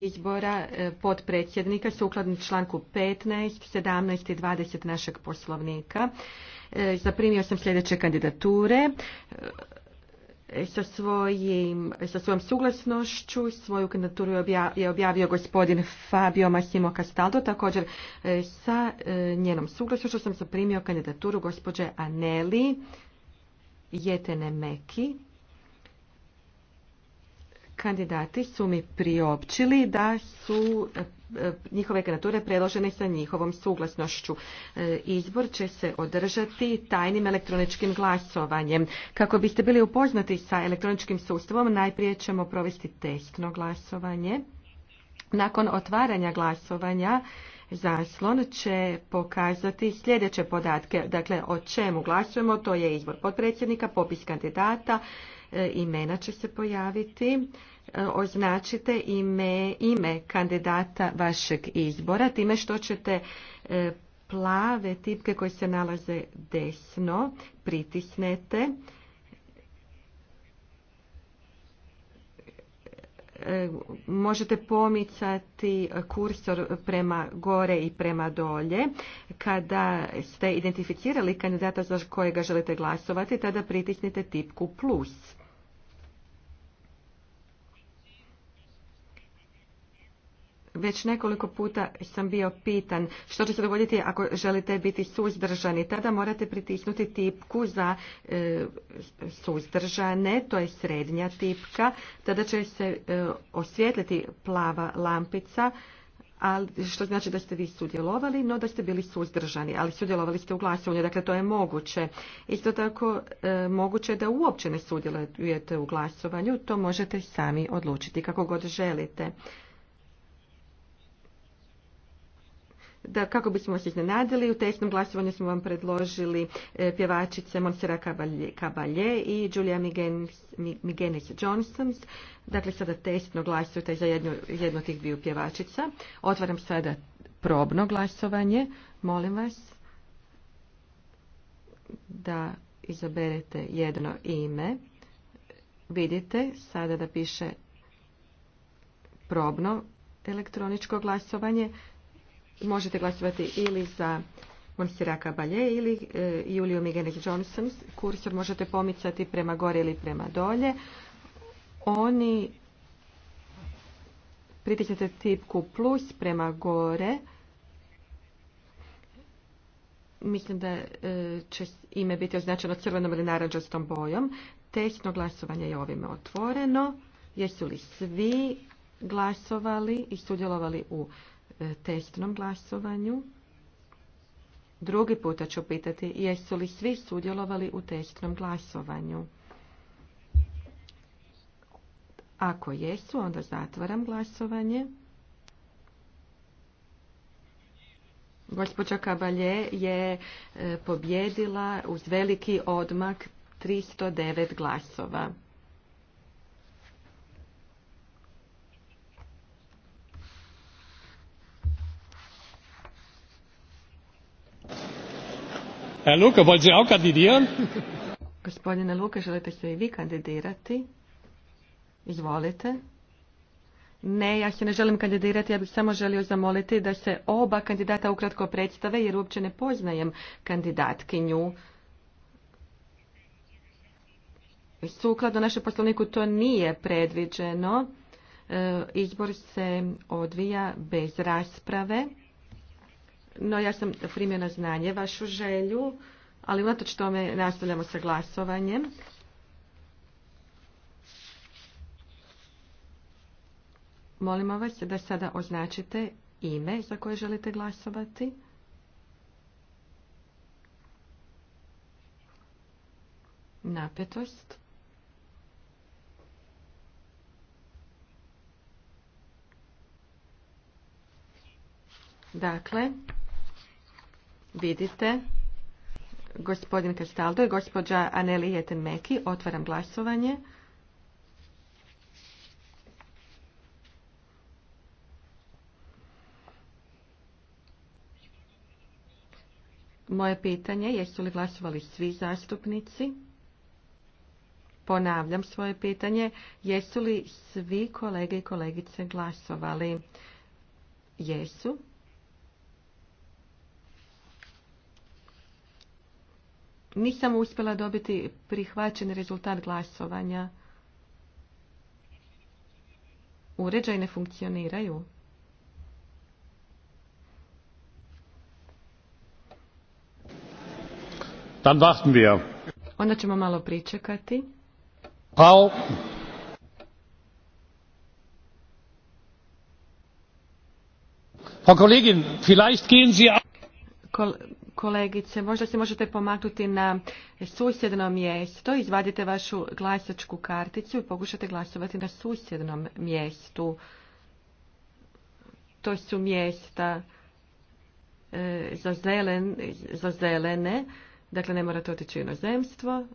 izbora e, potpredsjednika sukladno članku 15, 17 i 20 našeg poslovnika. E, zaprimio sam sljedeće kandidature e, sa, sa svojom suglasnošću. Svoju kandidaturu je objavio gospodin Fabio Massimo Castaldo. Također sa njenom suglasnošću sam zaprimio kandidaturu gospođe Aneli Jetene Meki. Kandidati su mi priopćili da su e, e, njihove kandidature predložene sa njihovom suglasnošću. E, izbor će se održati tajnim elektroničkim glasovanjem. Kako biste bili upoznati sa elektroničkim sustavom, najprije ćemo provesti testno glasovanje. Nakon otvaranja glasovanja, zaslon će pokazati sljedeće podatke. Dakle, o čemu glasujemo, to je izbor potpredsjednika, popis kandidata, E, imena će se pojaviti. E, označite ime, ime kandidata vašeg izbora time što ćete e, plave tipke koje se nalaze desno pritisnete možete pomicati kursor prema gore i prema dolje. Kada ste identificirali kandidata za kojega želite glasovati, tada pritisnite tipku plus. Već nekoliko puta sam bio pitan što će se dogoditi ako želite biti suzdržani. Tada morate pritisnuti tipku za e, suzdržane, to je srednja tipka. Tada će se e, plava lampica, ali, što znači da ste vi sudjelovali, no da ste bili suzdržani, ali sudjelovali ste u glasovanju, dakle to je moguće. Isto tako e, moguće je da uopće ne sudjelujete u glasovanju, to možete sami odlučiti kako god želite. da kako bismo se iznenadili, u testnom glasovanju smo vam predložili e, pjevačice Monsera Kabalje i Julia Migenis Johnson Dakle, sada testno glasujete za jednu, od tih dviju pjevačica. Otvaram sada probno glasovanje. Molim vas da izaberete jedno ime. Vidite sada da piše probno elektroničko glasovanje možete glasovati ili za Monsiraka Balje ili e, Juliju Migenek Johnson. Kursor možete pomicati prema gore ili prema dolje. Oni pritisnete tipku plus prema gore. Mislim da e, će ime biti označeno crvenom ili naranđastom bojom. Tesno glasovanje je ovime otvoreno. Jesu li svi glasovali i sudjelovali u testnom glasovanju. Drugi puta ću pitati jesu li svi sudjelovali u testnom glasovanju. Ako jesu, onda zatvaram glasovanje. Gospođa Kabalje je e, pobjedila uz veliki odmak 309 glasova. Herr Luke, wollen Sie auch kandidieren? Gospodine Luke, želite se i vi kandidirati? Izvolite. Ne, ja se ne želim kandidirati, ja bih samo želio zamoliti da se oba kandidata ukratko predstave, jer uopće ne poznajem kandidatkinju. Sukladno našem poslovniku to nije predviđeno. E, izbor se odvija bez rasprave. No ja sam primio znanje vašu želju, ali unatoč tome nastavljamo sa glasovanjem. Molimo vas da sada označite ime za koje želite glasovati. Napetost. Dakle, vidite gospodin Castaldo i gospođa Aneli Jetenmeki. Otvaram glasovanje. Moje pitanje, jesu li glasovali svi zastupnici? Ponavljam svoje pitanje, jesu li svi kolege i kolegice glasovali? Jesu. nisam uspjela dobiti prihvaćen rezultat glasovanja. Uređaj ne funkcioniraju. Onda ćemo malo pričekati. Pao. Frau Kollegin, vielleicht gehen Sie Kolegice, možda se možete pomaknuti na susjedno mjesto, izvadite vašu glasačku karticu i pokušate glasovati na susjednom mjestu. To su mjesta e, za, za zelene, dakle ne morate otići u inozemstvo.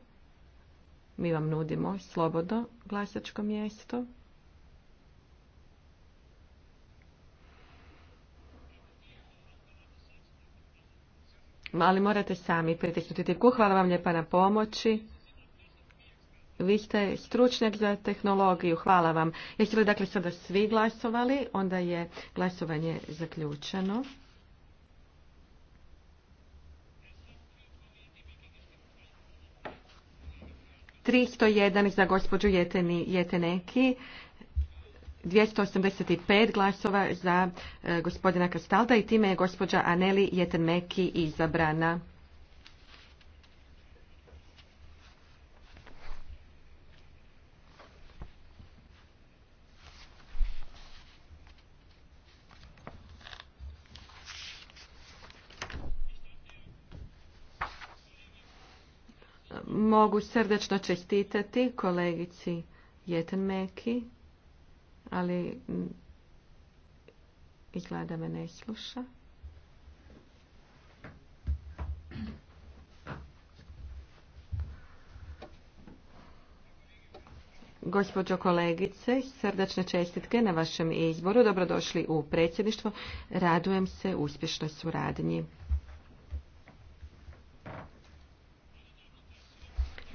Mi vam nudimo slobodno glasačko mjesto. ali morate sami pritisnuti tipku. Hvala vam lijepa na pomoći. Vi ste stručnjak za tehnologiju. Hvala vam. Jeste li dakle sada svi glasovali? Onda je glasovanje zaključeno. tristo jedan za gospođu Jeteneki 285 glasova za e, gospodina Kastalda i time je gospođa Aneli Jetenmeki izabrana. Mogu srdečno čestitati kolegici Jetenmeki ali mm, izgleda da me ne sluša. Gospođo kolegice, srdačne čestitke na vašem izboru. Dobrodošli u predsjedništvo. Radujem se uspješnoj suradnji.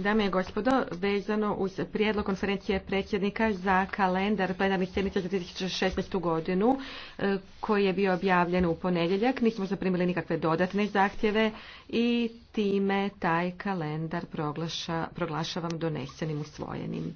Dame i gospodo, vezano uz prijedlog konferencije predsjednika za kalendar plenarnih sjednica za 2016. godinu, e, koji je bio objavljen u ponedjeljak, nismo zaprimili nikakve dodatne zahtjeve i time taj kalendar proglašavam donesenim usvojenim.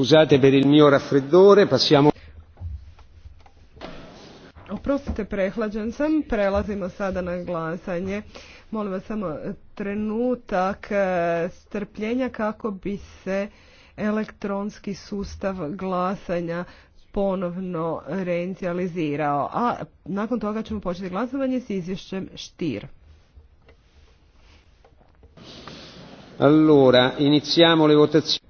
Scusate per il mio Oprostite, prehlađen sam. Prelazimo sada na glasanje. Molim vas samo trenutak e, strpljenja kako bi se elektronski sustav glasanja ponovno reinicializirao. A nakon toga ćemo početi glasovanje s izvješćem Štir. Allora, iniziamo le votazioni.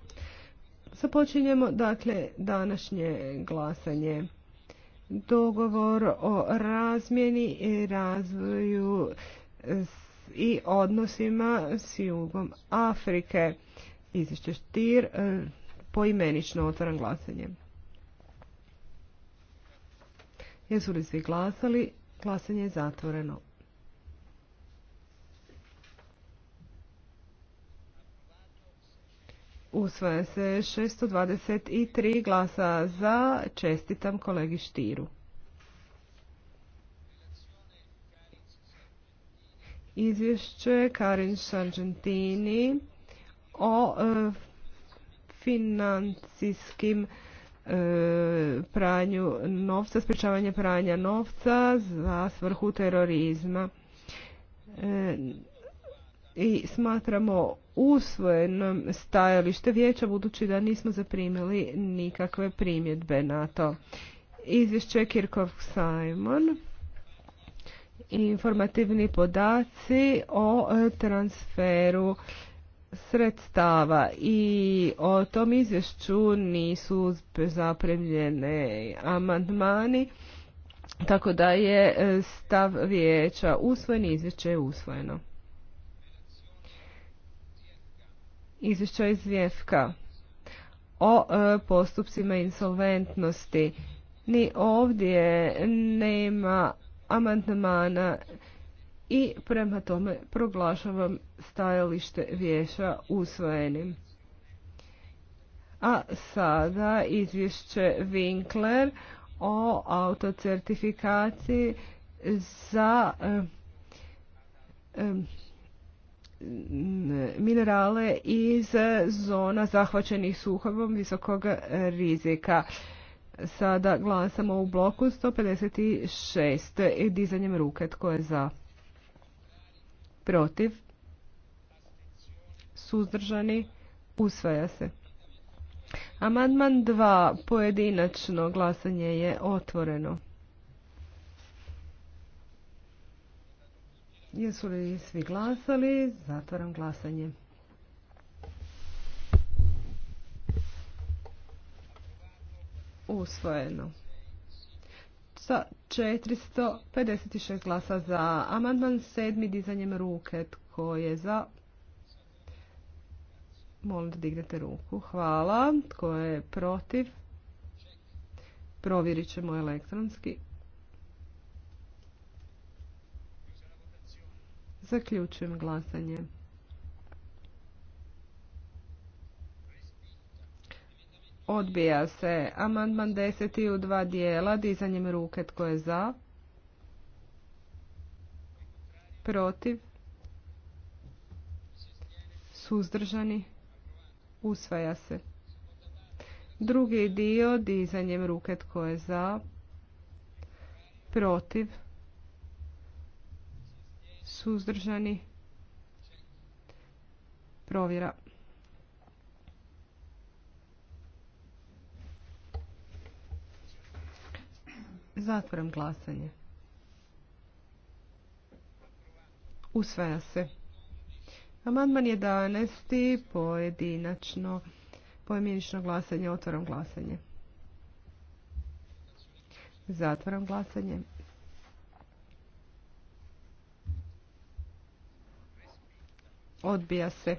Započinjemo dakle današnje glasanje. Dogovor o razmjeni i razvoju i odnosima s jugom Afrike. Izvješće štir e, poimenično otvaram glasanje. Jesu li svi glasali? Glasanje je zatvoreno. Usvaja se 623 glasa za. Čestitam kolegi Štiru. Izvješće Karin Sargentini o e, financijskim e, pranju novca, sprečavanje pranja novca za svrhu terorizma. E, i smatramo usvojenom stajalište vijeća budući da nismo zaprimili nikakve primjedbe na to. Izvješće Kirkov Simon informativni podaci o e, transferu sredstava i o tom izvješću nisu zapremljene amandmani tako da je e, stav vijeća usvojen izvješće je usvojeno izvješća iz o e, postupcima insolventnosti. Ni ovdje nema amandmana i prema tome proglašavam stajalište vijeća usvojenim. A sada izvješće Winkler o autocertifikaciji za e, e, minerale iz zona zahvaćenih suhovom visokog rizika. Sada glasamo u bloku 156 dizanjem ruke. Tko je za? Protiv? Suzdržani? Usvaja se. Amandman 2. Pojedinačno glasanje je otvoreno. Jesu li svi glasali? Zatvaram glasanje. Usvojeno. Sa 456 glasa za. Amandman sedmi dizanjem ruke. Tko je za? Molim da dignete ruku. Hvala. Tko je protiv? Provjerit ćemo elektronski. Zaključujem glasanje. Odbija se amandman 10. u dva dijela dizanjem ruke tko je za, protiv, suzdržani, usvaja se. Drugi dio dizanjem ruke tko je za, protiv, suzdržani, provjera. Zatvoram glasanje. Usvaja se. Amandman 11. Pojedinačno. pojedinačno glasanje. Otvaram glasanje. Zatvaram glasanje. Odbija se.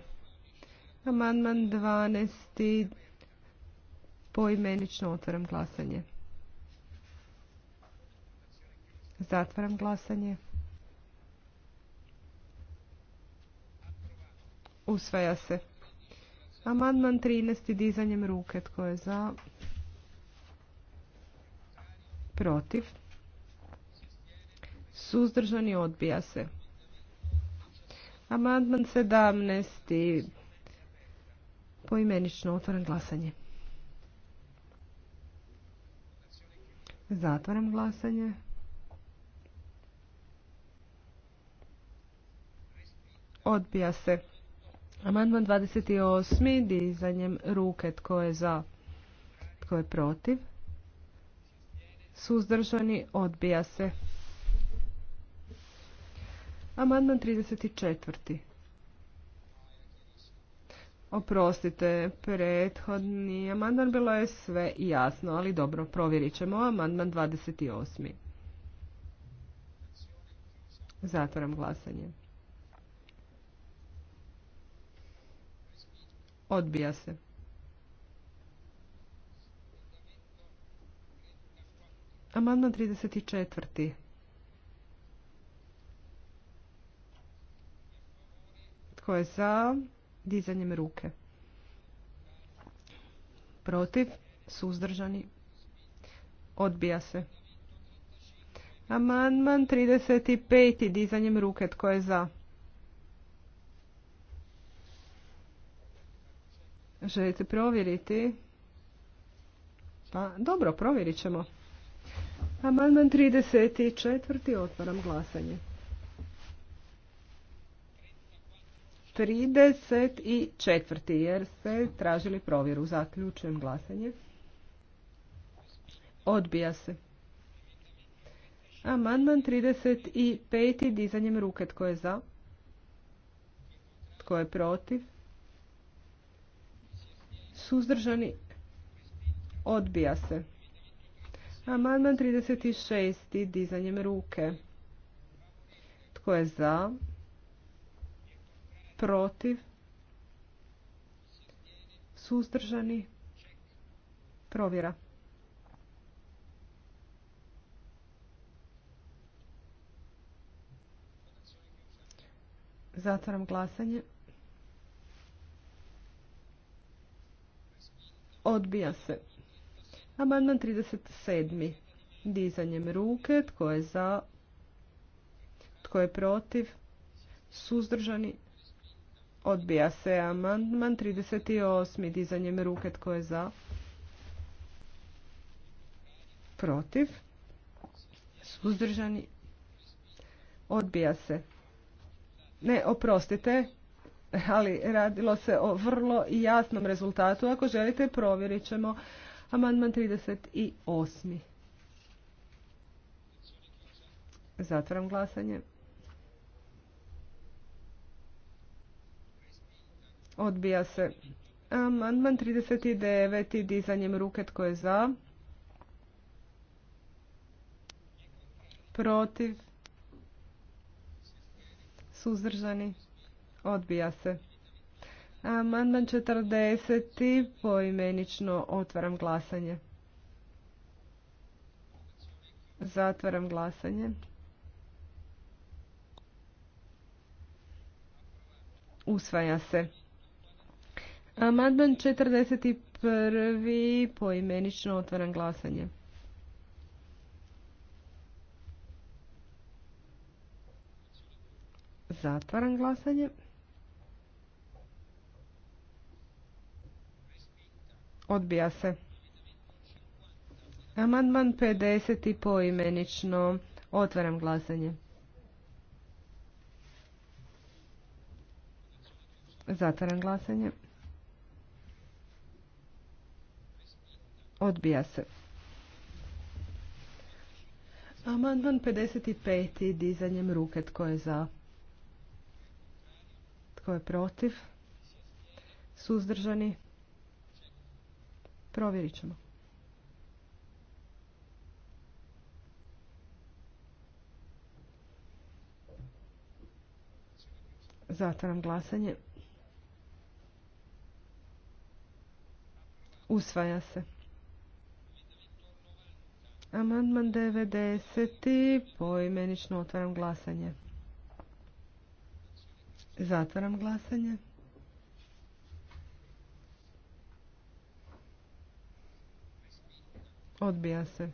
Amandman 12. Poimenično otvaram glasanje. Zatvaram glasanje. Usvaja se. Amandman 13. Dizanjem ruke. Tko je za? Protiv. Suzdržani odbija se. Amandman 17. Poimenično otvoren glasanje. Zatvaram glasanje. Odbija se. Amandman 28. Dizanjem ruke. Tko je za? Tko je protiv? Suzdržani. Odbija se. Amandman 34. Oprostite, prethodni amandman bilo je sve jasno, ali dobro, provjerit ćemo. Amandman 28. Zatvaram glasanje. Odbija se. Amandman 34. Tko je za? Dizanjem ruke. Protiv? Suzdržani? Odbija se. Amandman 35. Dizanjem ruke. Tko je za? Želite provjeriti? Pa dobro, provjerit ćemo. Amandman 34. Otvaram glasanje. 34. jer ste tražili provjeru. Zaključujem glasanje. Odbija se. Amandman 35. dizanjem ruke. Tko je za? Tko je protiv? Suzdržani. Odbija se. Amandman 36. dizanjem ruke. Tko je za? protiv, suzdržani, provjera. Zatvaram glasanje. Odbija se. Amandman 37. Dizanjem ruke. Tko je za? Tko je protiv? Suzdržani? Odbija se amandman 38. Dizanjem ruke tko je za? Protiv. Suzdržani. Odbija se. Ne, oprostite, ali radilo se o vrlo jasnom rezultatu. Ako želite, provjerit ćemo amandman 38. Zatvaram glasanje. Odbija se. Amandman 39. Dizanjem ruke tko je za? Protiv? Suzdržani? Odbija se. Amandman 40. Poimenično otvaram glasanje. Zatvaram glasanje. Usvaja se. Amandman 41. poimenično otvaram glasanje. Zatvaram glasanje. Odbija se. Amandman 50. poimenično. Otvaram glasanje. Zatvaram glasanje. Odbija se. Amandman 55. Dizanjem ruke. Tko je za? Tko je protiv? Suzdržani? Provjerit ćemo. Zatvaram glasanje. Usvaja se. Amandman 90. Poimenično otvaram glasanje. Zatvaram glasanje. Odbija se.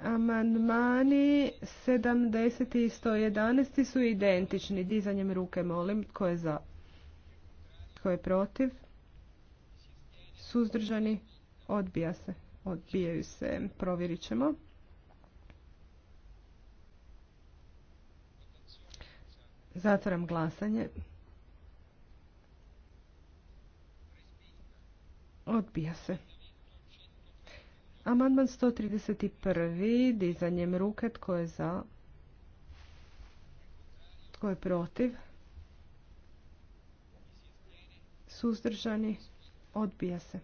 Amandmani 70 i 111 su identični. Dizanjem ruke molim. Tko je za? Tko je protiv? Suzdržani? Odbija se odbijaju se, provjerit ćemo. Zatvaram glasanje. Odbija se. Amandman 131. Dizanjem ruke. Tko je za? Tko je protiv? Suzdržani. Odbija se.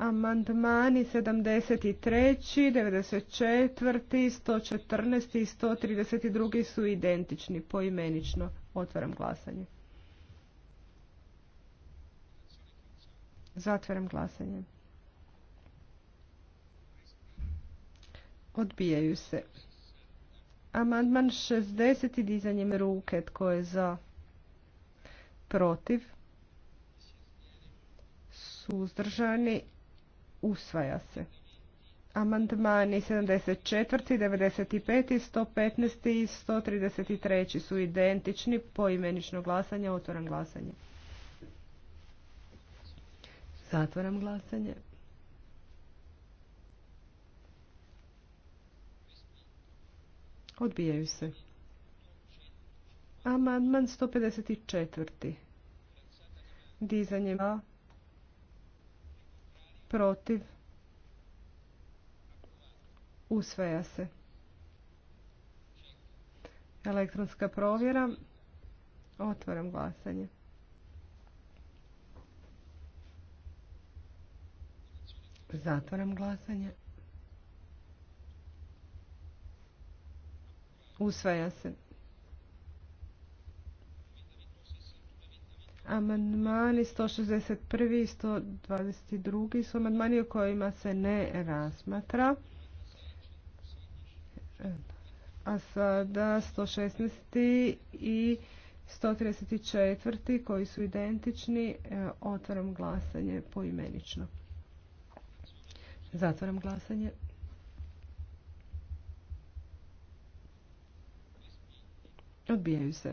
Amandmani 73., 94., 114. i 132. su identični poimenično. Otvaram glasanje. Zatvaram glasanje. Odbijaju se. Amandman 60. dizanjem ruke. Tko je za? Protiv? Suzdržani? Usvaja se. Amandmani 74, 95, 115 i 133 su identični po poimenično glasanje. Otvoram glasanje. Zatvoram glasanje. Odbijaju se. Amandman 154. Dizanje A protiv, usvaja se. Elektronska provjera, otvaram glasanje. Zatvaram glasanje. Usvaja se. Amandmani 161. i 122. su amandmani o kojima se ne razmatra. A sada 116. i 134. koji su identični. E, otvaram glasanje poimenično. Zatvaram glasanje. Odbijaju se.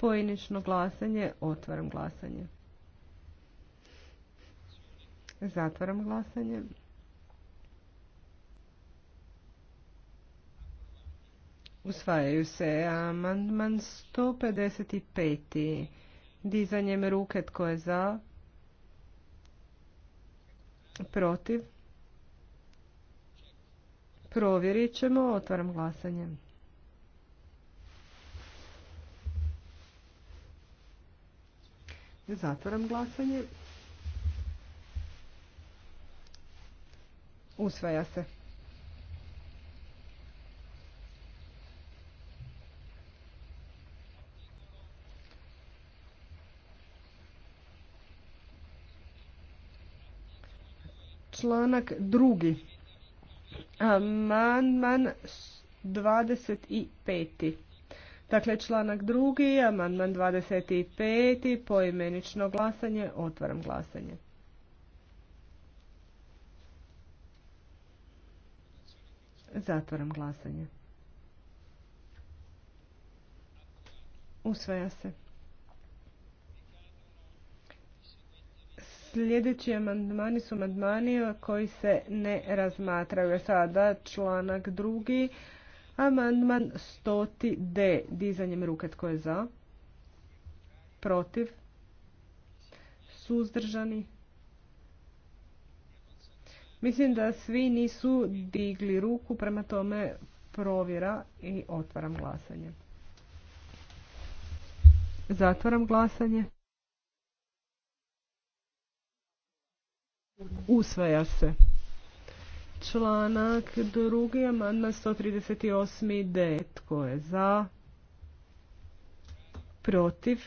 Pojedinačno glasanje. Otvaram glasanje. Zatvaram glasanje. Usvajaju se amandman 155. Dizanjem ruke tko je za? Protiv? Provjerit ćemo. Otvaram glasanje. Zatvaram glasanje. Usvaja se. Članak drugi. Amandman 25. Dakle, članak drugi, amandman 25. poimenično glasanje, otvaram glasanje. Zatvaram glasanje. Usvaja se. Sljedeći amandmani su amandmani koji se ne razmatraju. Sada članak drugi, Amandman 100. D. Dizanjem ruke tko je za? Protiv? Suzdržani? Mislim da svi nisu digli ruku, prema tome provjera i otvaram glasanje. Zatvaram glasanje. Usvaja se. Članak drugi, amandman 138. D. Tko je za? Protiv?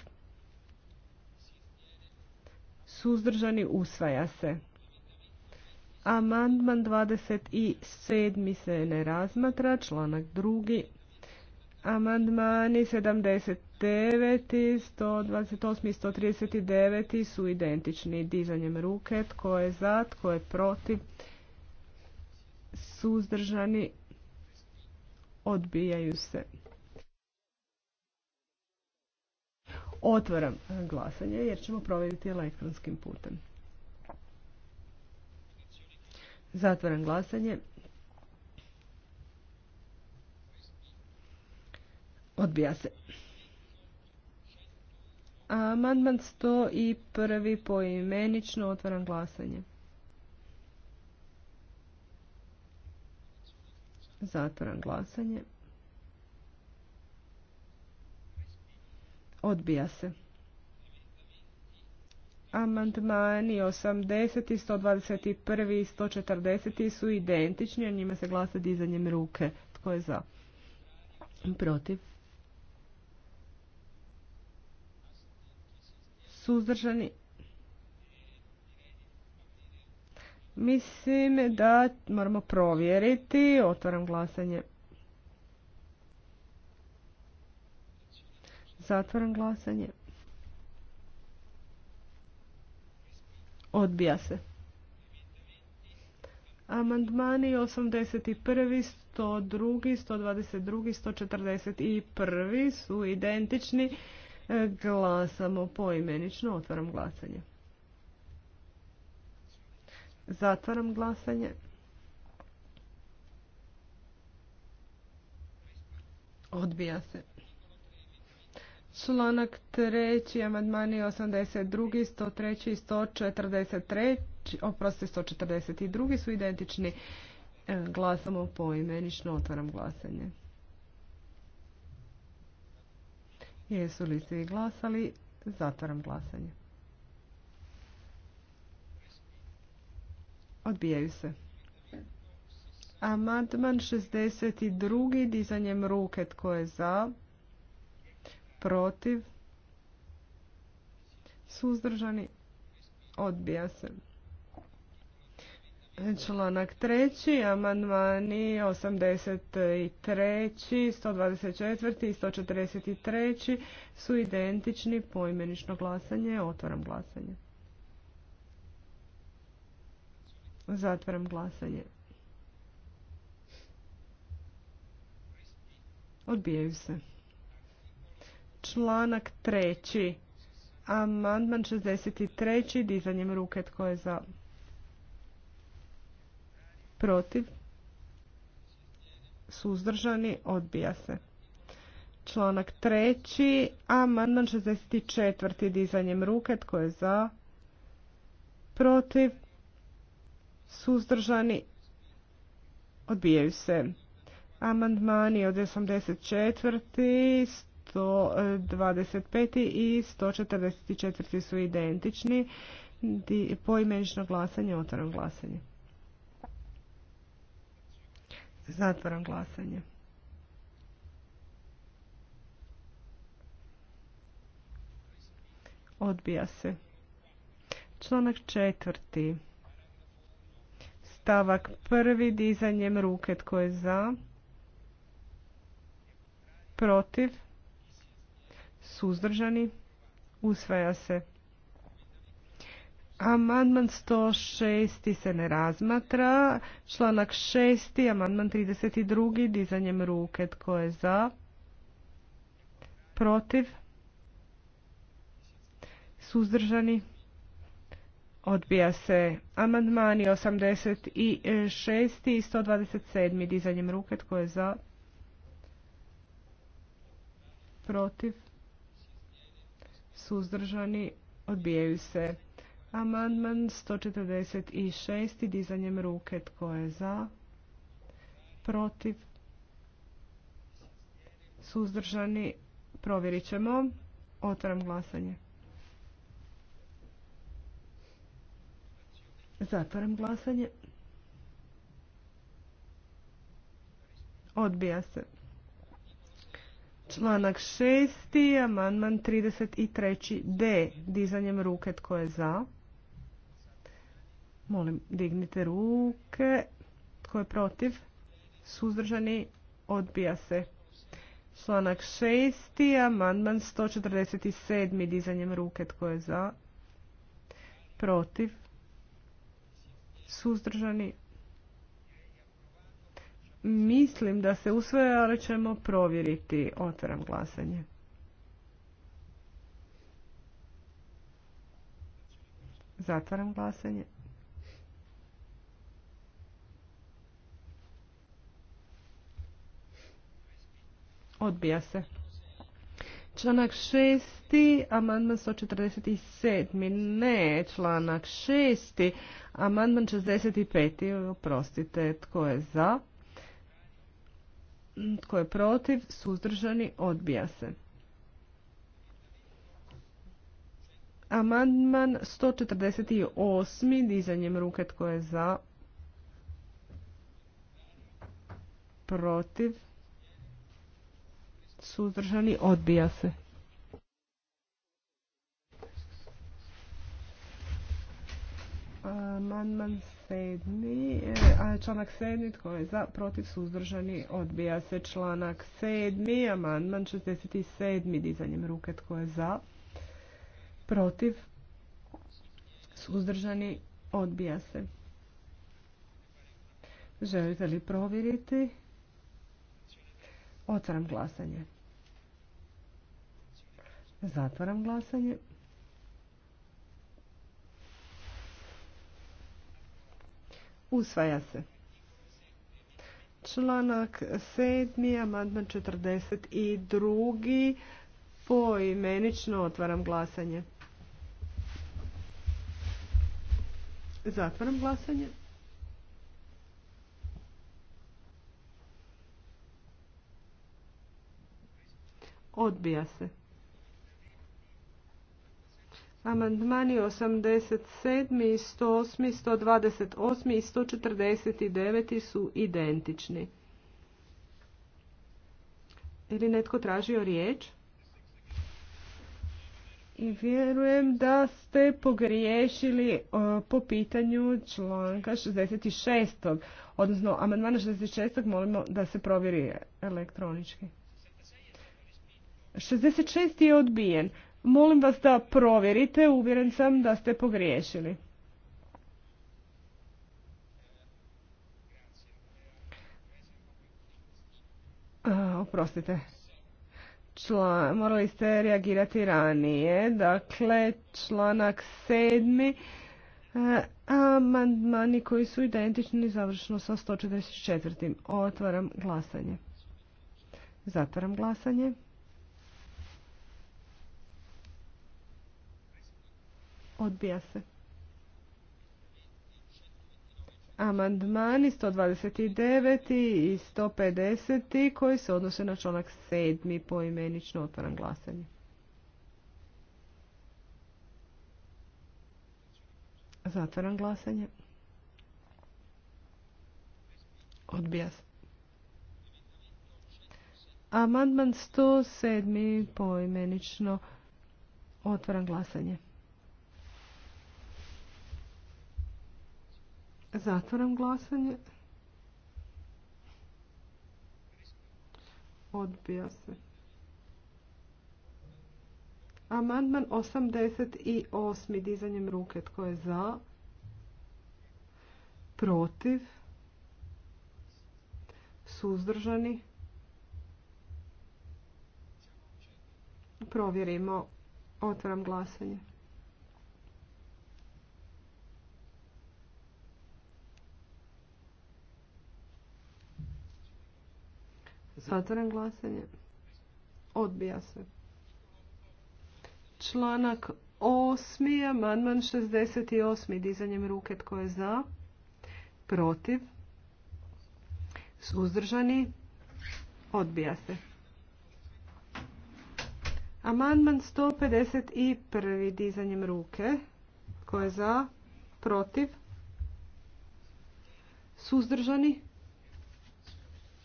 Suzdržani usvaja se. Amandman 27. se ne razmatra. Članak drugi. Amandmani 79. 128. i 139. su identični. Dizanjem ruke. Tko je za? Tko je protiv? Tko je protiv? suzdržani, odbijaju se. Otvaram glasanje jer ćemo provjeriti elektronskim putem. Zatvaram glasanje. Odbija se. Amandman prvi poimenično otvaram glasanje. Zatvoram glasanje. Odbija se. Amandmani 80, 121 i 140 su identični, a njima se glasa dizanjem ruke. Tko je za? Protiv. Suzdržani Mislim da moramo provjeriti. Otvaram glasanje. Zatvaram glasanje. Odbija se. Amandmani 81, 102, 122, 141 su identični. Glasamo poimenično. Otvaram glasanje. Zatvaram glasanje. Odbija se. Članak 3. Amadmani 82. 103. i 143. Oprosti 142. su identični. E, glasamo poimenično. Otvaram glasanje. Jesu li svi glasali? Zatvaram glasanje. Odbijaju se. Amandman 62. Dizanjem ruke. Tko je za? Protiv? Suzdržani? Odbija se. Članak 3. Amandmani 83. 124. i 143. su identični poimenično glasanje. Otvoram glasanje. Zatvaram glasanje. Odbijaju se. Članak treći. Amandman 63. Dizanjem ruke tko je za protiv suzdržani odbija se. Članak treći. Amandman 64. Dizanjem ruke tko je za protiv suzdržani, odbijaju se. Amandmani od 84. 125. i 144. su identični. Poimenično glasanje, otvaram glasanje. Zatvaram glasanje. Odbija se. Članak četvrti stavak prvi dizanjem ruke tko je za protiv suzdržani usvaja se Amandman 106. se ne razmatra. Članak 6. Amandman 32. Dizanjem ruke. Tko je za? Protiv? Suzdržani? Odbija se amandmani 86. i 127. dizanjem ruke. Tko je za? Protiv? Suzdržani? Odbijaju se. Amandman 146. dizanjem ruke. Tko je za? Protiv? Suzdržani? Provjerit ćemo. Otvaram glasanje. Zatvaram glasanje. Odbija se. Članak 6. Amandman 33. D. Dizanjem ruke tko je za. Molim, dignite ruke. Tko je protiv? Suzdržani. Odbija se. Članak 6. Amandman 147. Dizanjem ruke tko je za. Protiv suzdržani. Mislim da se usvoje ali ćemo provjeriti. Otvaram glasanje. Zatvaram glasanje. Odbija se. Članak šesti, amandman 147. Ne, članak šesti, amandman 65. Oprostite, tko je za? Tko je protiv? Suzdržani odbija se. Amandman 148. Dizanjem ruke tko je za? Protiv? suzdržani, odbija se. Amandman sedmi, članak sedmi, tko je za, protiv, suzdržani, odbija se članak sedmi, amandman 67, dizanjem ruke, tko je za, protiv, suzdržani, odbija se. Želite li provjeriti? Otvaram glasanje. Zatvaram glasanje. Usvaja se. Članak 7. amandman 42. Poimenično otvaram glasanje. Zatvaram glasanje. Odbija se. Amandmani 87. i 108. 128. i 149. su identični. Ili netko tražio riječ? I vjerujem da ste pogriješili e, po pitanju članka 66. Odnosno, amandmana 66. molimo da se provjeri elektronički. 66. je odbijen. Molim vas da provjerite, uvjeren sam da ste pogriješili. oprostite. morali ste reagirati ranije. Dakle, članak sedmi. E, amandmani koji su identični završno sa 144. Otvaram glasanje. Zatvaram glasanje. Odbija se. Amandmani 129. i 150. koji se odnose na članak 7. poimenično otvaram glasanje. Zatvaram glasanje. Odbija se. Amandman 107. poimenično otvaram glasanje. Zatvaram glasanje. Odbija se. Amandman 88. Dizanjem ruke. Tko je za? Protiv? Suzdržani? Provjerimo. Otvaram glasanje. Zatvoren glasanje. Odbija se. Članak 8. Amandman 68. Dizanjem ruke tko je za? Protiv? Suzdržani? Odbija se. Amandman 151. Dizanjem ruke. Tko je za? Protiv? Suzdržani?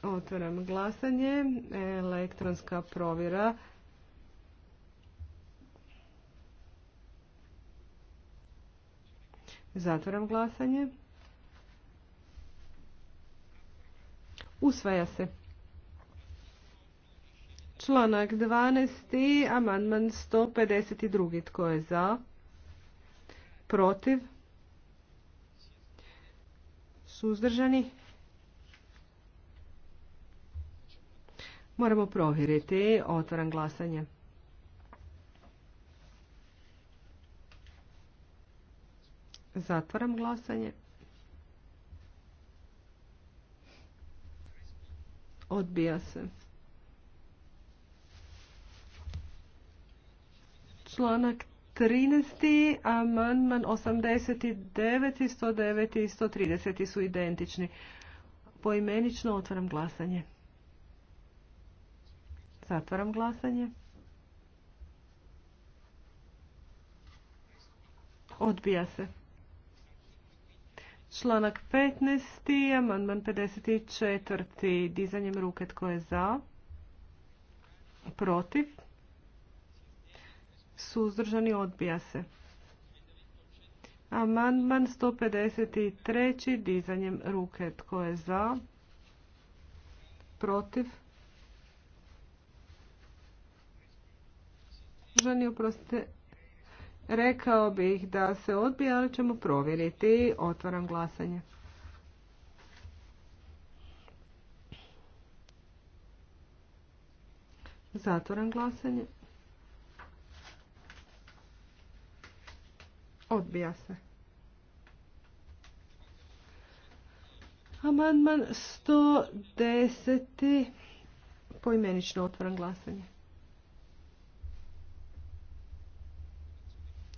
Otvaram glasanje. Elektronska provjera. Zatvaram glasanje. Usvaja se. Članak 12. Amandman 152. Tko je za? Protiv? Suzdržani? Moramo provjeriti. Otvaram glasanje. Zatvaram glasanje. Odbija se. Članak 13. amandman 89. 109. i 130. su identični. Poimenično otvaram glasanje. Zatvaram glasanje. Odbija se. Članak 15. Amandman 54. Dizanjem ruke tko je za? Protiv? Suzdržani odbija se. Amandman 153. Dizanjem ruke tko je za? Protiv? suzdržani, oprostite. Rekao bih da se odbija, ali ćemo provjeriti. Otvaram glasanje. Zatvoram glasanje. Odbija se. Amandman 110. Poimenično otvoram glasanje.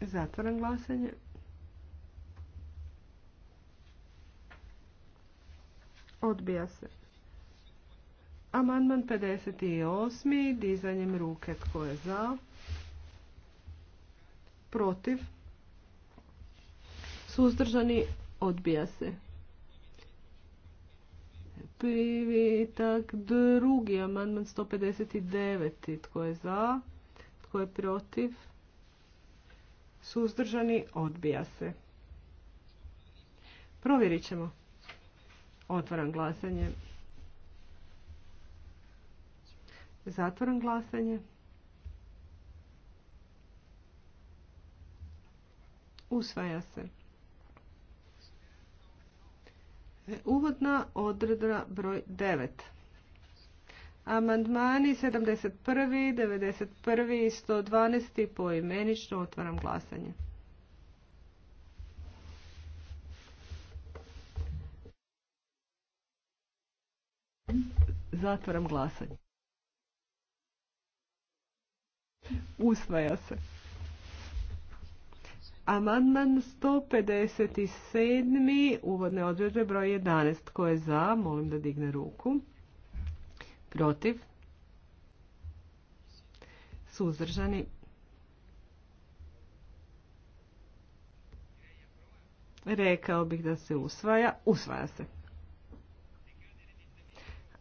Zatvoram glasanje. Odbija se. Amandman 58. Dizanjem ruke tko je za? Protiv? Suzdržani odbija se. Privitak drugi amandman 159. Tko je za? Tko je protiv? suzdržani, odbija se. Provjerit ćemo. Otvaram glasanje. Zatvaram glasanje. Usvaja se. E, uvodna odreda broj 9. Amandmani 71, 91 i 112 poimenično otvaram glasanje. Zatvaram glasanje. Usvaja se. Amandman 157. Uvodne odredbe broj 11. Ko je za? Molim da digne ruku protiv, suzdržani, rekao bih da se usvaja, usvaja se.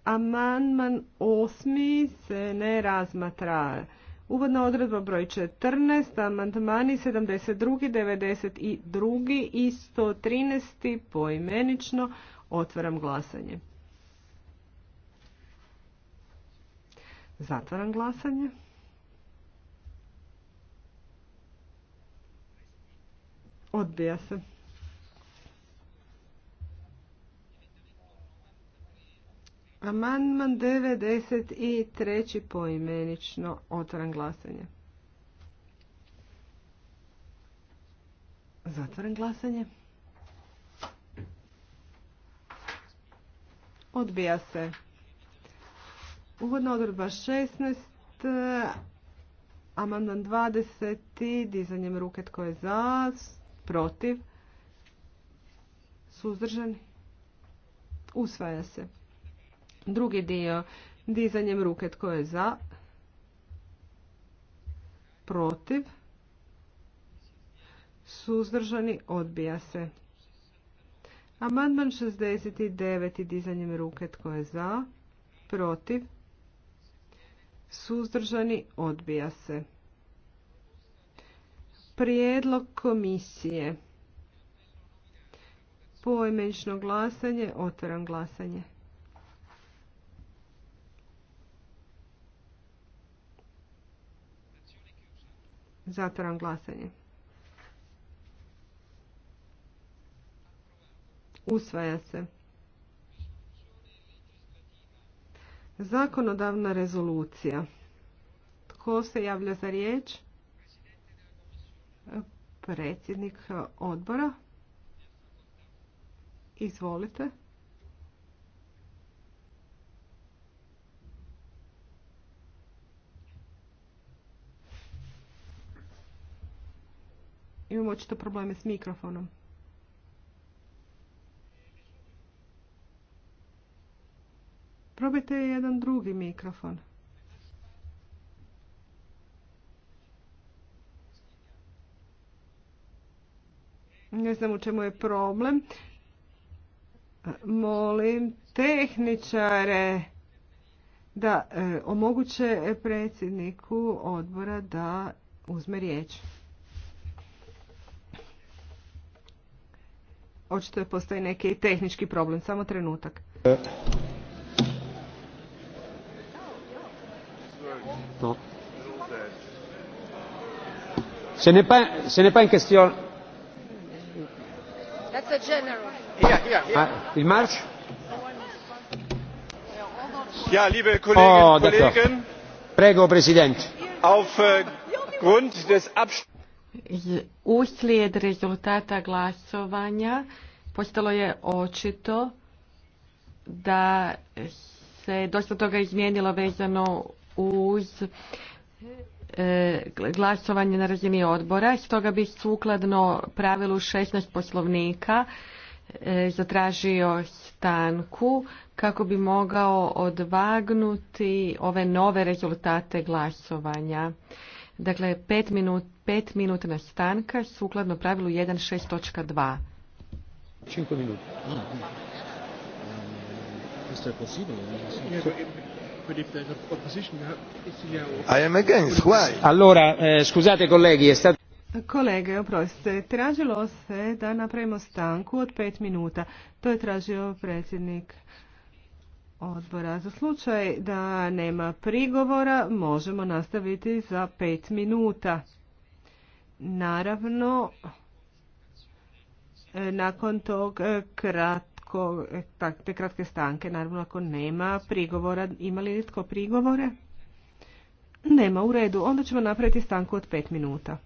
Amandman osmi se ne razmatra. Uvodna odredba broj 14, amandmani 72, 92 i 113 poimenično otvaram glasanje. Zatvaram glasanje. Odbija se. Amandman 93. poimenično. Otvaram glasanje. Zatvaram glasanje. Odbija se. Uvodna odredba 16, e, amandman 20, dizanjem ruke tko je za, protiv, suzdržan, usvaja se. Drugi dio, dizanjem ruke tko je za, protiv, suzdržani, odbija se. Amandman 69. dizanjem ruke tko je za, protiv, suzdržani, odbija se. Prijedlog komisije. Poimenično glasanje, otvaram glasanje. Zatvaram glasanje. Usvaja se. Zakonodavna rezolucija. Tko se javlja za riječ? Predsjednik odbora. Izvolite. Imamo očito probleme s mikrofonom. probajte jedan drugi mikrofon. Ne znam u čemu je problem. Molim tehničare da e, omoguće predsjedniku odbora da uzme riječ. Očito je postoji neki tehnički problem, samo trenutak. E, Non. Ce n'est pas, ce n'est pas une question. That's a general. Here, here, here. Ah, il marche? Ja, liebe Kolleginnen oh, Kollegen. Prego, Präsident. Auf uh, des Uslijed rezultata glasovanja postalo je očito da se dosta toga izmijenilo vezano uz e, glasovanje na razini odbora. Stoga bi sukladno pravilu 16 poslovnika e, zatražio stanku kako bi mogao odvagnuti ove nove rezultate glasovanja. Dakle, pet, pet minutna stanka sukladno pravilu 1.6.2. Cinque minuti. Mm-hmm. Ah, Allora, eh, scusate colleghi, è stato... Kolege, oprostite, tražilo se da napravimo stanku od pet minuta. To je tražio predsjednik odbora. Za slučaj da nema prigovora, možemo nastaviti za pet minuta. Naravno, eh, nakon tog eh, krat E, tak te kratke stanke, naravno ako nema prigovora, ima li tko prigovore? Nema u redu, onda ćemo napraviti stanku od pet minuta.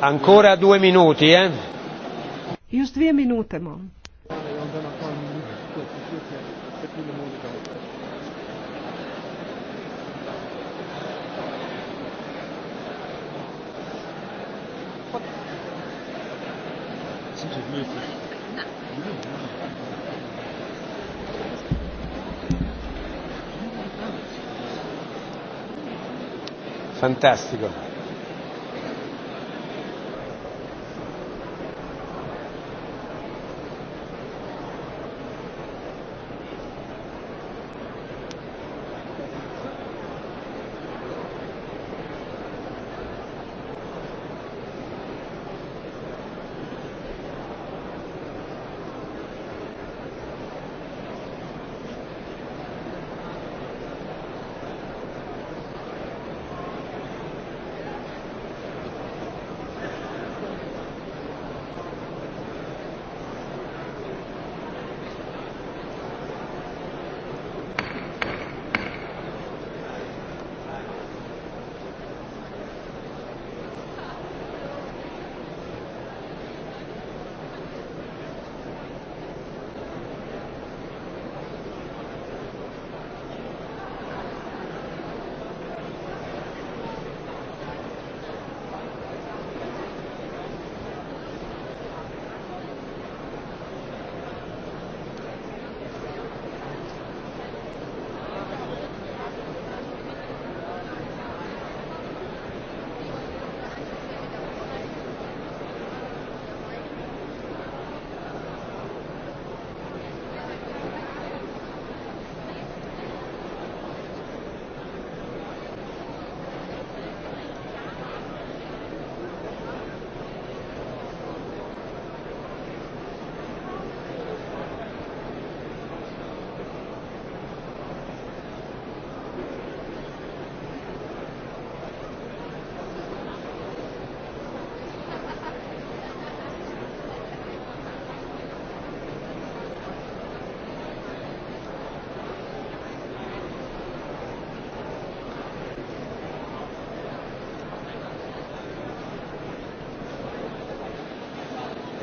Ancora due minuti, eh? Just dvije minute, mo. Fantastico.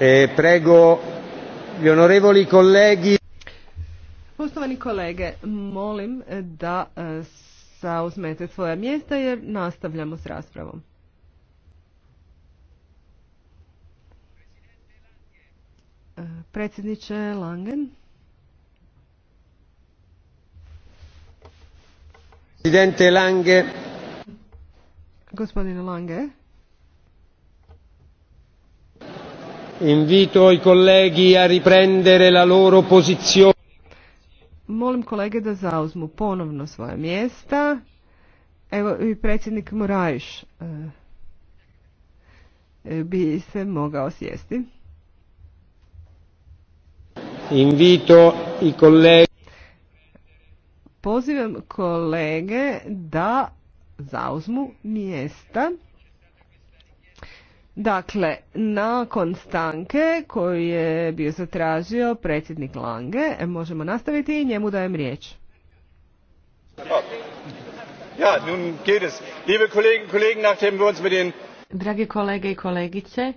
E, prego, onorevoli Poštovani kolege, molim da e, zauzmete svoja mjesta jer nastavljamo s raspravom. E, predsjedniče Langen. Lange. Gospodine Lange. Invito i colleghi a riprendere la loro posizione. Molim kolege da zauzmu ponovno svoje mjesta. Evo i predsjednik Morajš e, e, bi se mogao sjesti. Invito i kolege Pozivam kolege da zauzmu mjesta. Dakle, nakon stanke koju je bio zatražio predsjednik Lange, možemo nastaviti i njemu dajem riječ. Ja, nun geht es. Liebe Kollegen, nachdem wir uns mit den Dragi kolege i kolegice,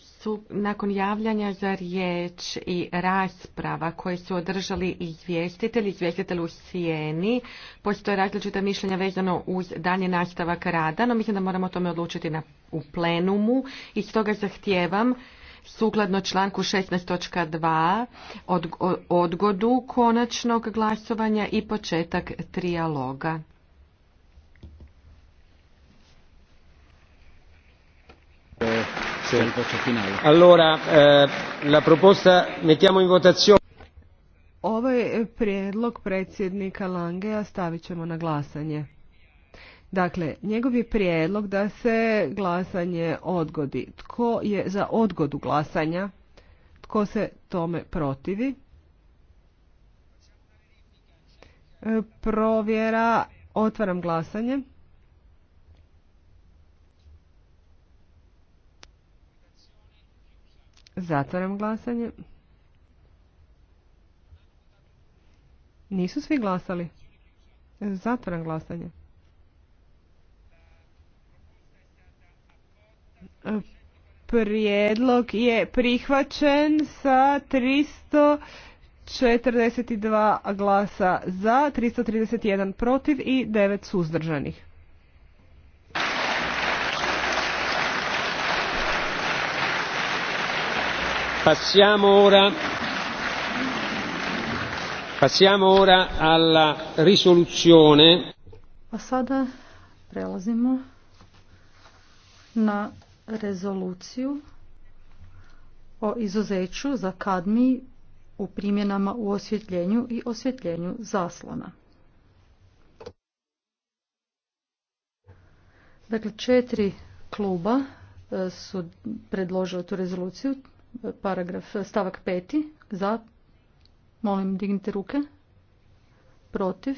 su nakon javljanja za riječ i rasprava koje su održali izvjestitelji, izvjestitelj u Sijeni, postoje različita mišljenja vezano uz dalje nastavak rada, no mislim da moramo o tome odlučiti u plenumu i stoga zahtijevam sukladno članku 16.2 od, odgodu konačnog glasovanja i početak trijaloga. Eh, ovaj prijedlog predsjednika Langea stavit ćemo na glasanje. Dakle, njegov je prijedlog da se glasanje odgodi. Tko je za odgodu glasanja? Tko se tome protivi? E, provjera. Otvaram glasanje. Zatvaram glasanje. Nisu svi glasali. Zatvaram glasanje. Prijedlog je prihvaćen sa 342 glasa za, 331 protiv i 9 suzdržanih. Passiamo ora, passiamo ora alla risoluzione. A sada prelazimo na rezoluciju o izuzeću za kadmi u primjenama u osvjetljenju i osvjetljenju zaslona. Dakle, četiri kluba e, su predložili tu rezoluciju paragraf stavak peti za molim dignite ruke protiv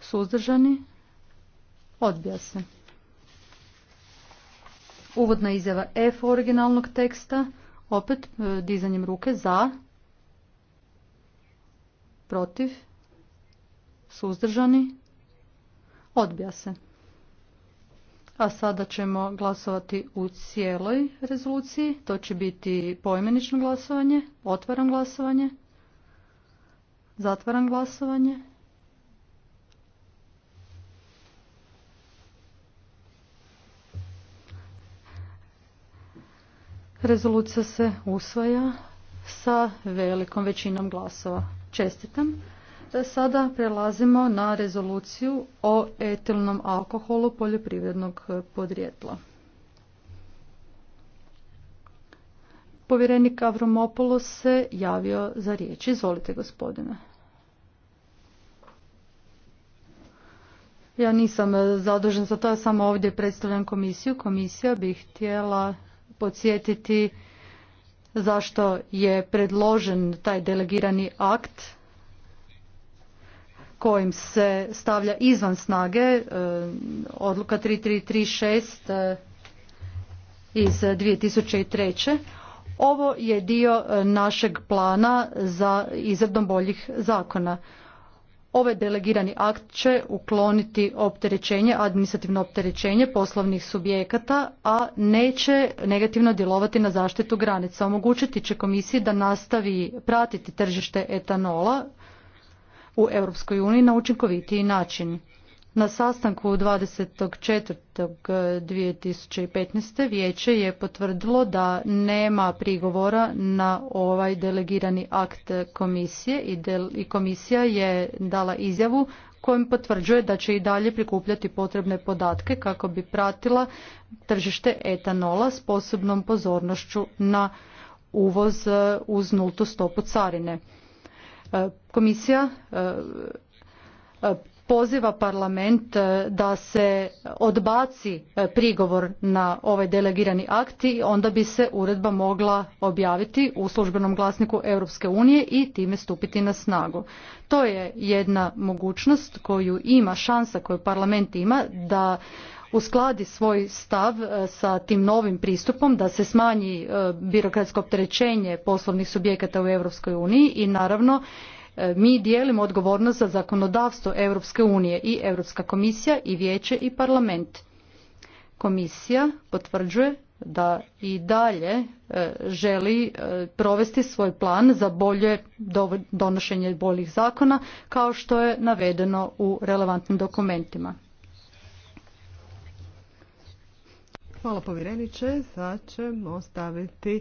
suzdržani odbija se uvodna izjava F originalnog teksta opet e, dizanjem ruke za protiv suzdržani odbija se a sada ćemo glasovati u cijeloj rezoluciji. To će biti poimenično glasovanje. Otvaram glasovanje. Zatvaram glasovanje. Rezolucija se usvaja sa velikom većinom glasova. Čestitam. E, sada prelazimo na rezoluciju o etilnom alkoholu poljoprivrednog e, podrijetla. Povjerenik Avromopoulos se javio za riječ. Izvolite gospodine. Ja nisam e, zadužen za to, ja samo ovdje predstavljam komisiju. Komisija bi htjela podsjetiti zašto je predložen taj delegirani akt kojim se stavlja izvan snage e, odluka 3336 e, iz 2003. Ovo je dio e, našeg plana za izradom boljih zakona. Ovaj delegirani akt će ukloniti opterećenje, administrativno opterećenje poslovnih subjekata, a neće negativno djelovati na zaštitu granica. Omogućiti će komisiji da nastavi pratiti tržište etanola u Europskoj uniji na učinkovitiji način. Na sastanku 24.2015. vijeće je potvrdilo da nema prigovora na ovaj delegirani akt komisije i, i komisija je dala izjavu kojim potvrđuje da će i dalje prikupljati potrebne podatke kako bi pratila tržište etanola s posebnom pozornošću na uvoz e, uz nultu stopu carine. E, komisija e, e, poziva parlament da se odbaci prigovor na ovaj delegirani akt i onda bi se uredba mogla objaviti u službenom glasniku Europske unije i time stupiti na snagu. To je jedna mogućnost koju ima, šansa koju parlament ima da uskladi svoj stav e, sa tim novim pristupom da se smanji e, birokratsko opterećenje poslovnih subjekata u Europskoj uniji i naravno e, mi dijelimo odgovornost za zakonodavstvo Europske unije i Europska komisija i vijeće i parlament. Komisija potvrđuje da i dalje želi provesti svoj plan za bolje donošenje boljih zakona kao što je navedeno u relevantnim dokumentima. Hvala povjereniče. Sad ćemo staviti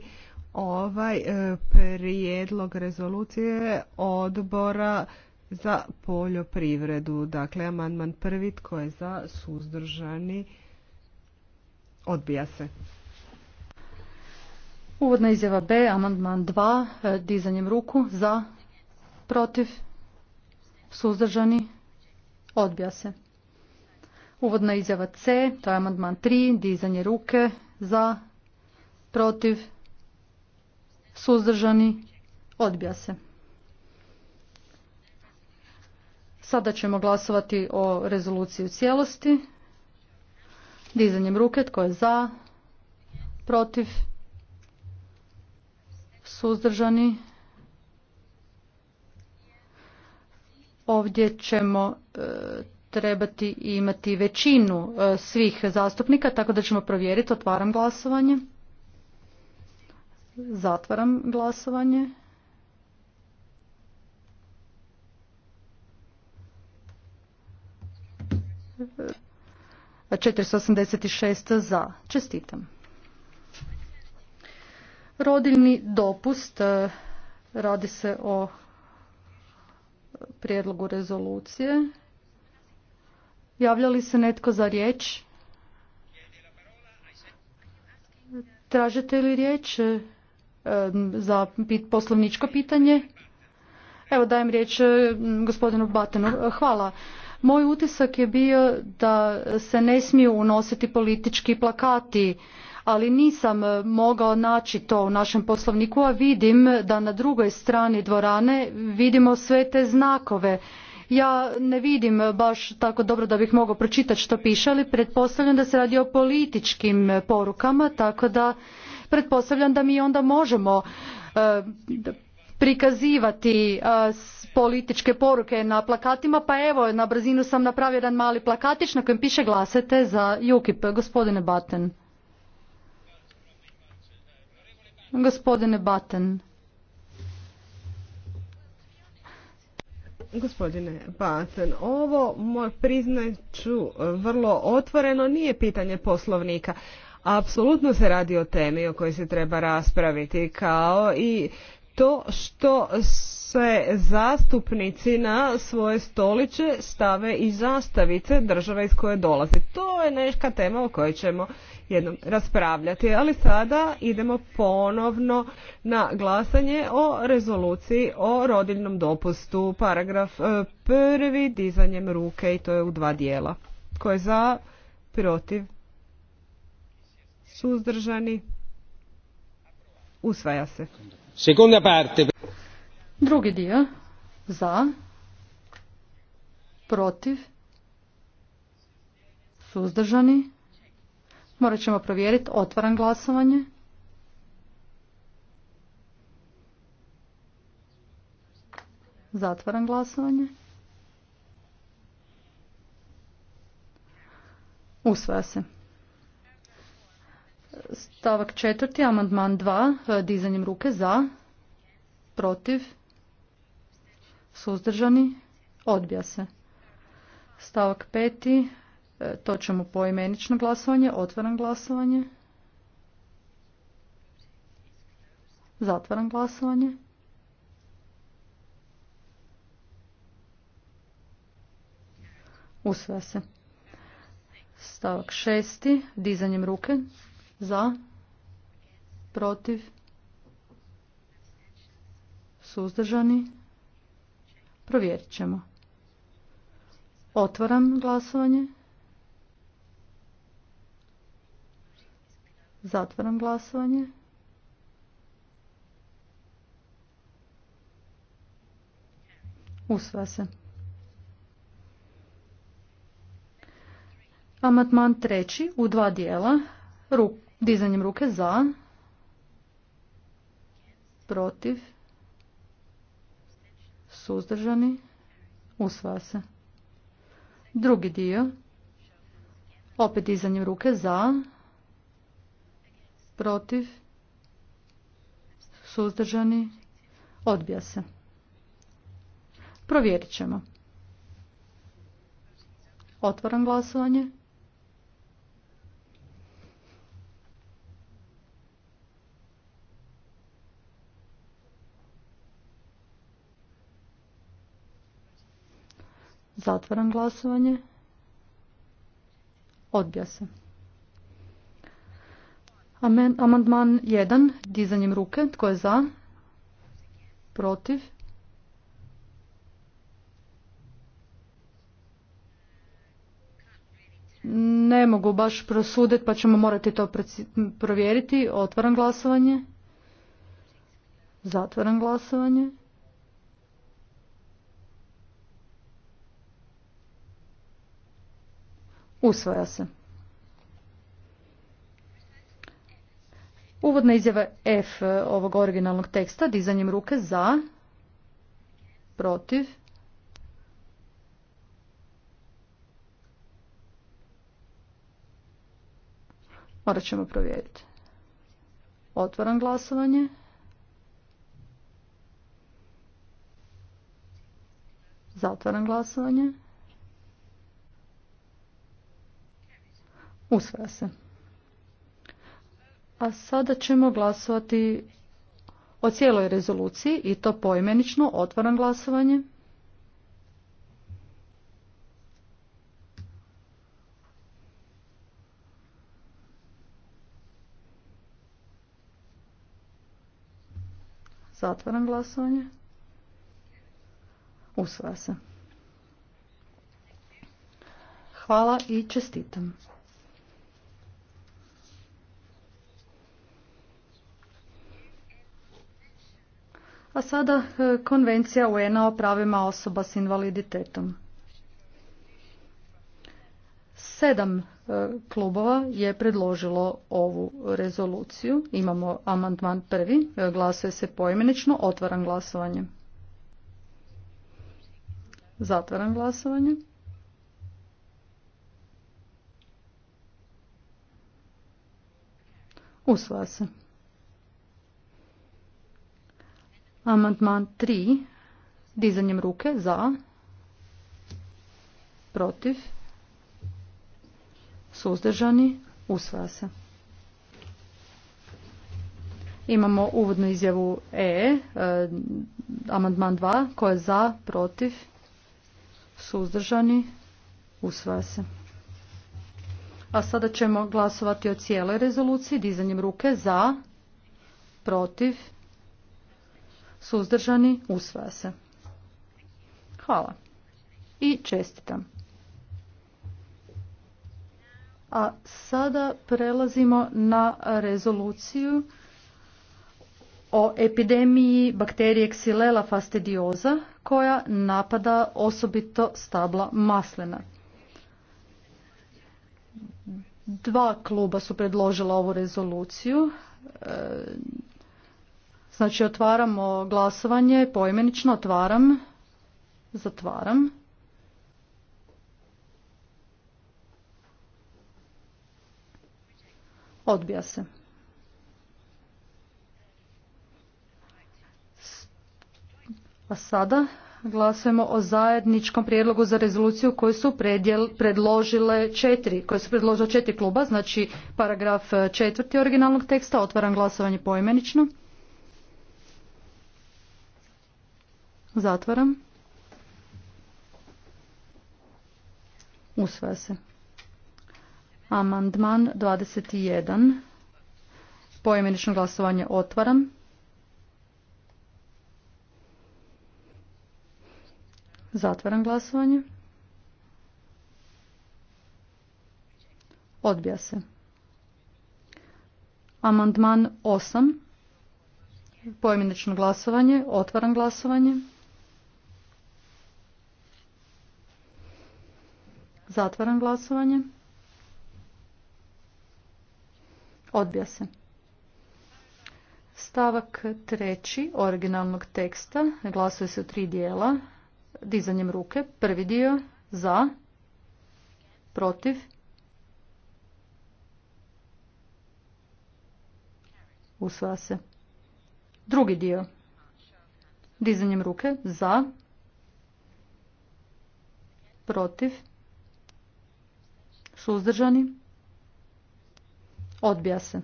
ovaj e, prijedlog rezolucije odbora za poljoprivredu. Dakle, amandman prvi tko je za suzdržani odbija se. Uvodna izjava B, amandman 2, e, dizanjem ruku za, protiv, suzdržani, odbija se. Uvodna izjava C, to je amandman 3, dizanje ruke za, protiv, suzdržani, odbija se. Sada ćemo glasovati o rezoluciji u cijelosti. Dizanjem ruke, tko je za, protiv, suzdržani. Ovdje ćemo e, trebati imati većinu e, svih zastupnika, tako da ćemo provjeriti. Otvaram glasovanje. Zatvaram glasovanje. E, četiristo osamdeset za čestitam rodiljni dopust e, radi se o prijedlogu rezolucije Javlja li se netko za riječ? Tražite li riječ e, za poslovničko pitanje? Evo dajem riječ e, gospodinu Batenu. Hvala. Moj utisak je bio da se ne smiju unositi politički plakati, ali nisam e, mogao naći to u našem poslovniku, a vidim da na drugoj strani dvorane vidimo sve te znakove ja ne vidim baš tako dobro da bih mogao pročitati što piše, ali pretpostavljam da se radi o političkim porukama, tako da pretpostavljam da mi onda možemo e, prikazivati e, političke poruke na plakatima, pa evo na brzinu sam napravio jedan mali plakatić na kojem piše glasete za UKIP. Gospodine Batten. Gospodine Batten. Gospodine Bacen, ovo moj priznaću vrlo otvoreno nije pitanje poslovnika. Apsolutno se radi o temi o kojoj se treba raspraviti kao i to što se zastupnici na svoje stoliće stave i zastavice države iz koje dolaze. To je neška tema o kojoj ćemo jednom raspravljati. Ali sada idemo ponovno na glasanje o rezoluciji o rodiljnom dopustu. Paragraf e, prvi dizanjem ruke i to je u dva dijela. Ko je za, protiv, suzdržani, usvaja se. Seconda parte. Drugi dio, za, protiv, suzdržani, Morat ćemo provjeriti. Otvaram glasovanje. Zatvaram glasovanje. Usvaja se. Stavak četvrti, amandman dva, e, dizanjem ruke za, protiv, suzdržani, odbija se. Stavak peti, E, to ćemo poimenično glasovanje. Otvaram glasovanje. Zatvaram glasovanje. Usvaja se. Stavak šesti. Dizanjem ruke. Za. Protiv. Suzdržani. Provjerit ćemo. Otvaram glasovanje. Zatvaram glasovanje. Usva se. Amatman treći u dva dijela. dizanjem ruke za. Protiv. Suzdržani. Usva se. Drugi dio. Opet dizanjem ruke za protiv, suzdržani, odbija se. Provjerit ćemo. Otvaram glasovanje. Zatvaram glasovanje. Odbija se amandman 1. Dizanjem ruke. Tko je za? Protiv? Ne mogu baš prosuditi pa ćemo morati to provjeriti. Otvaram glasovanje. Zatvaram glasovanje. Usvaja se. Uvodna izjava F e, ovog originalnog teksta, dizanjem ruke za, protiv, Morat ćemo provjeriti. Otvaram glasovanje. Zatvaram glasovanje. Usvaja se. A sada ćemo glasovati o cijeloj rezoluciji i to poimenično. otvoran glasovanje. Zatvaram glasovanje. Usvaja se. Hvala i čestitam. A sada e, Konvencija UN-a o pravima osoba s invaliditetom. Sedam e, klubova je predložilo ovu rezoluciju. Imamo amandman prvi. E, glasuje se poimenično. Otvaram glasovanje. Zatvaram glasovanje. Usvaja se. Amandman 3. Dizanjem ruke za. Protiv. Suzdržani. Usvaja se. Imamo uvodnu izjavu E. e amandman 2. Ko je za? Protiv. Suzdržani. Usvaja se. A sada ćemo glasovati o cijeloj rezoluciji. Dizanjem ruke za. Protiv suzdržani, usvaja se. Hvala i čestitam. A sada prelazimo na rezoluciju o epidemiji bakterije Xylella fastidioza koja napada osobito stabla maslena. Dva kluba su predložila ovu rezoluciju. E, Znači otvaramo glasovanje, poimenično otvaram, zatvaram. Odbija se. A sada glasujemo o zajedničkom prijedlogu za rezoluciju koju su predložile četiri, koje su predložile četiri kluba, znači paragraf četvrti originalnog teksta, otvaram glasovanje poimenično. Zatvaram. Usvaja se. Amandman 21. Poimenično glasovanje otvaram. Zatvaram glasovanje. Odbija se. Amandman 8. Poimenično glasovanje. Otvaram glasovanje. Zatvaram glasovanje. Odbija se. Stavak treći originalnog teksta glasuje se u tri dijela. Dizanjem ruke. Prvi dio za, protiv, usvaja se. Drugi dio. Dizanjem ruke za, protiv, Suzdržani? Odbija se.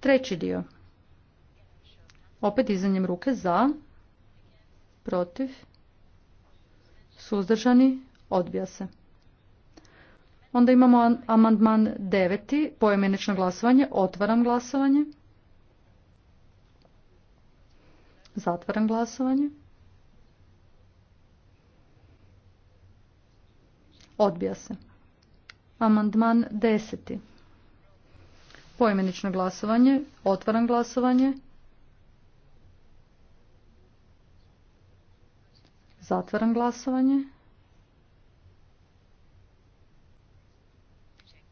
Treći dio. Opet izanjem ruke za, protiv, suzdržani, odbija se. Onda imamo amandman deveti, pojemenično glasovanje, otvaram glasovanje. Zatvaram glasovanje. Odbija se. Amandman deseti. Poimenično glasovanje. Otvaram glasovanje. Zatvaram glasovanje.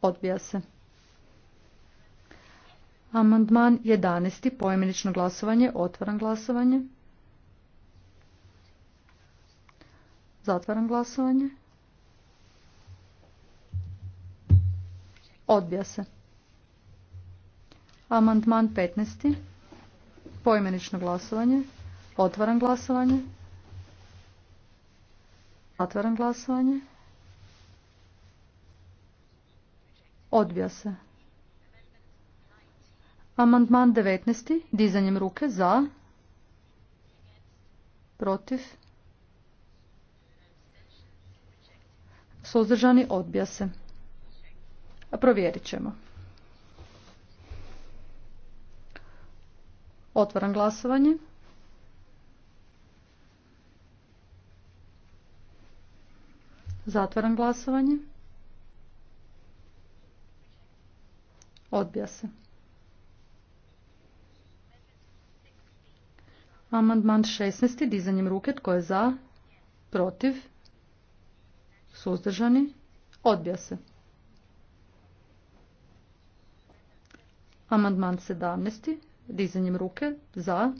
Odbija se. Amandman 11. Poimenično glasovanje. Otvaram glasovanje. Zatvaram glasovanje. Odbija se. Amandman 15. Poimenično glasovanje. Otvaram glasovanje. Otvaram glasovanje. Odbija se. Amandman 19. Dizanjem ruke za. Protiv. Suzdržani odbija se. Provjerit ćemo. Otvaram glasovanje. Zatvaram glasovanje. Odbija se. Amandman 16. Dizanjem ruke. Tko je za? Protiv? Suzdržani? Odbija se. Amandman 17. Dizanjem ruke. Za.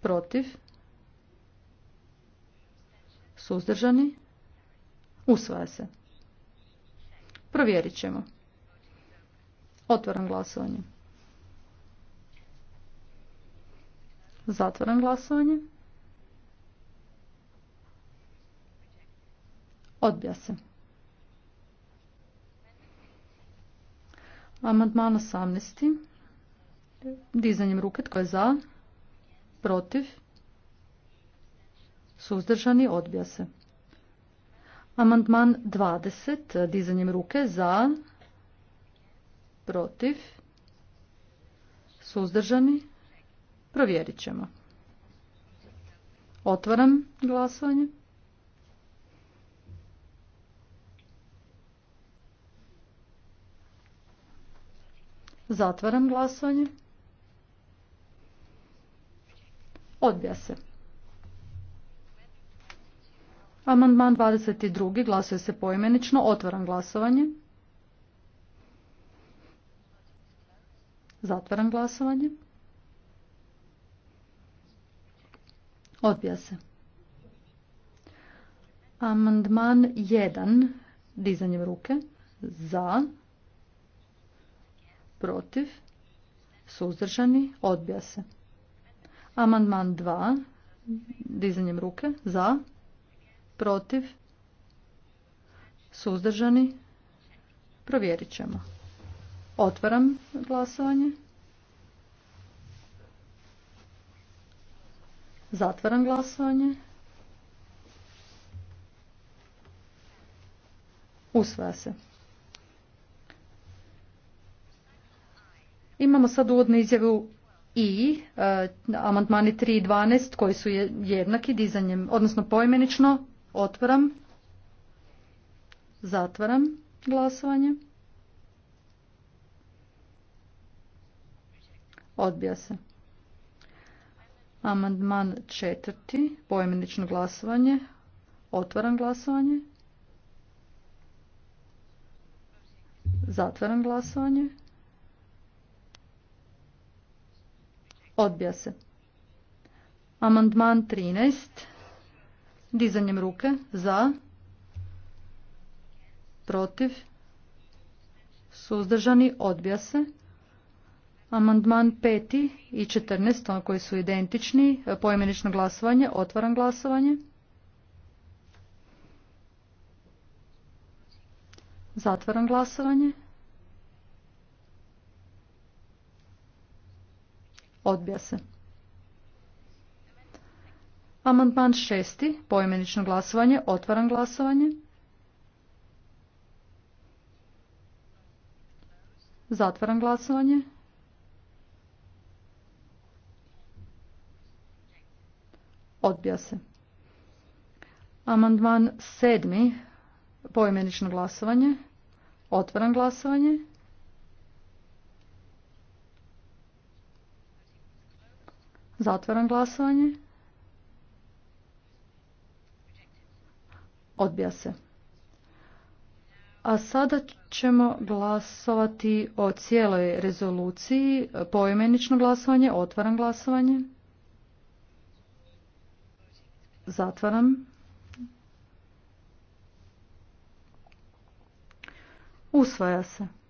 Protiv. Suzdržani. Usvaja se. Provjerit ćemo. Otvaram glasovanje. Zatvaram glasovanje. Odbija se. Amandman 18. Dizanjem ruke tko je za, protiv, suzdržani, odbija se. Amandman 20. Dizanjem ruke za, protiv, suzdržani, provjerit ćemo. Otvaram glasovanje. Zatvaram glasovanje. Odbija se. Amandman 22. Glasuje se poimenično. Otvaram glasovanje. Zatvaram glasovanje. Odbija se. Amandman 1. Dizanjem ruke. Za protiv, suzdržani, odbija se. Amandman 2, dizanjem ruke, za, protiv, suzdržani, provjerit ćemo. Otvaram glasovanje. Zatvaram glasovanje. Usvaja se. Imamo sad uvodnu izjavu i e, amandmani 3 i 12 koji su jednaki dizanjem, odnosno poimenično otvaram, zatvaram glasovanje. Odbija se. Amandman četvrti, pojmenično glasovanje. Otvaram glasovanje. Zatvaram glasovanje. Odbija se. Amandman 13. Dizanjem ruke. Za. Protiv. Suzdržani. Odbija se. Amandman 5. i 14. koji su identični. Pojmenično glasovanje. Otvaram glasovanje. Zatvaram glasovanje. Odbija se. Amandman šesti, poimenično glasovanje, otvaram glasovanje. Zatvaram glasovanje. Odbija se. Amandman sedmi, poimenično glasovanje, otvaram glasovanje. Zatvaram glasovanje. Odbija se. A sada ćemo glasovati o cijeloj rezoluciji, poimenično glasovanje, otvaram glasovanje. Zatvaram. Usvaja se.